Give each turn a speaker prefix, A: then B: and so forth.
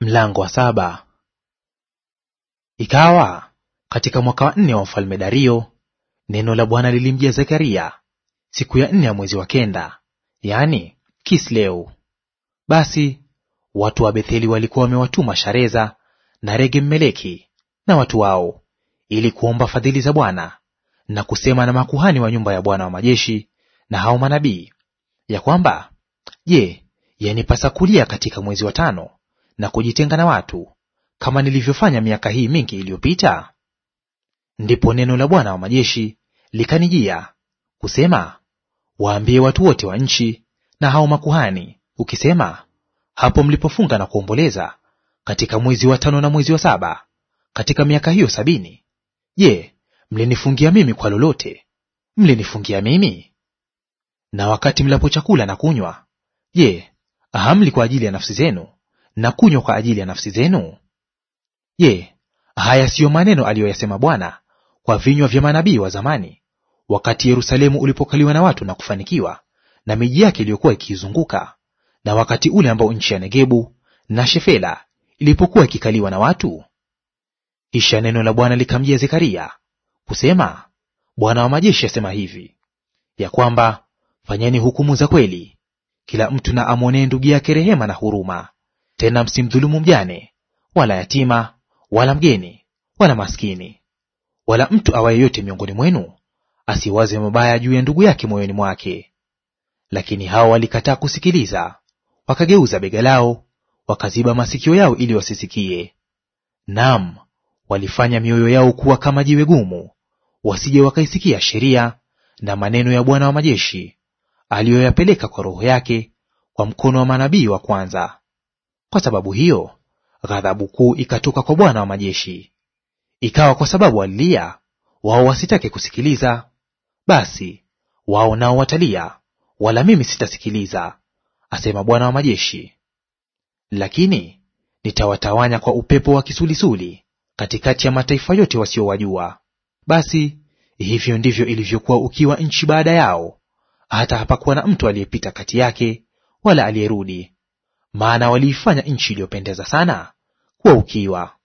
A: Mlango wa saba. Ikawa katika mwaka wa nne wa mfalme Dario, neno la Bwana lilimjia Zekaria siku ya nne ya mwezi wa kenda, yani Kisleu. Basi watu wa Betheli walikuwa wamewatuma Shareza na Rege-Meleki na watu wao ili kuomba fadhili za Bwana na kusema na makuhani wa nyumba ya Bwana wa majeshi na hao manabii ya kwamba, je, yanipasa kulia katika mwezi wa tano na kujitenga na watu, kama nilivyofanya miaka hii mingi iliyopita? Ndipo neno la Bwana wa majeshi likanijia kusema, waambie watu wote wa nchi na hao makuhani ukisema, hapo mlipofunga na kuomboleza katika mwezi wa tano na mwezi wa saba katika miaka hiyo sabini, je, mlinifungia mimi kwa lolote? Mlinifungia mimi? Na wakati mlapo chakula na kunywa, je, hamli kwa ajili ya nafsi zenu na kunywa kwa ajili ya nafsi zenu? Je, haya siyo maneno aliyoyasema Bwana kwa vinywa vya manabii wa zamani, wakati Yerusalemu ulipokaliwa na watu na kufanikiwa, na miji yake iliyokuwa ikiizunguka, na wakati ule ambao nchi ya Negebu na Shefela ilipokuwa ikikaliwa na watu? Kisha neno la Bwana likamjia Zekaria kusema, Bwana wa majeshi asema hivi, ya kwamba fanyeni hukumu za kweli, kila mtu na amwonee ndugu yake rehema na huruma, tena msimdhulumu mjane, wala yatima, wala mgeni, wala maskini, wala mtu awaye yote miongoni mwenu asiwaze mabaya juu ya ndugu yake moyoni mwake. Lakini hao walikataa kusikiliza, wakageuza bega lao, wakaziba masikio yao ili wasisikie. Naam, walifanya mioyo yao kuwa kama jiwe gumu, wasije wakaisikia sheria na maneno ya Bwana wa majeshi aliyoyapeleka kwa Roho yake kwa mkono wa manabii wa kwanza. Kwa sababu hiyo ghadhabu kuu ikatoka kwa Bwana wa majeshi. Ikawa kwa sababu walilia, wao wasitake kusikiliza, basi wao nao watalia, wala mimi sitasikiliza, asema Bwana wa majeshi. Lakini nitawatawanya kwa upepo wa kisulisuli katikati ya mataifa yote wasiowajua. Basi hivyo ndivyo ilivyokuwa ukiwa nchi baada yao, hata hapakuwa na mtu aliyepita kati yake wala aliyerudi, maana waliifanya nchi iliyopendeza sana kuwa ukiwa.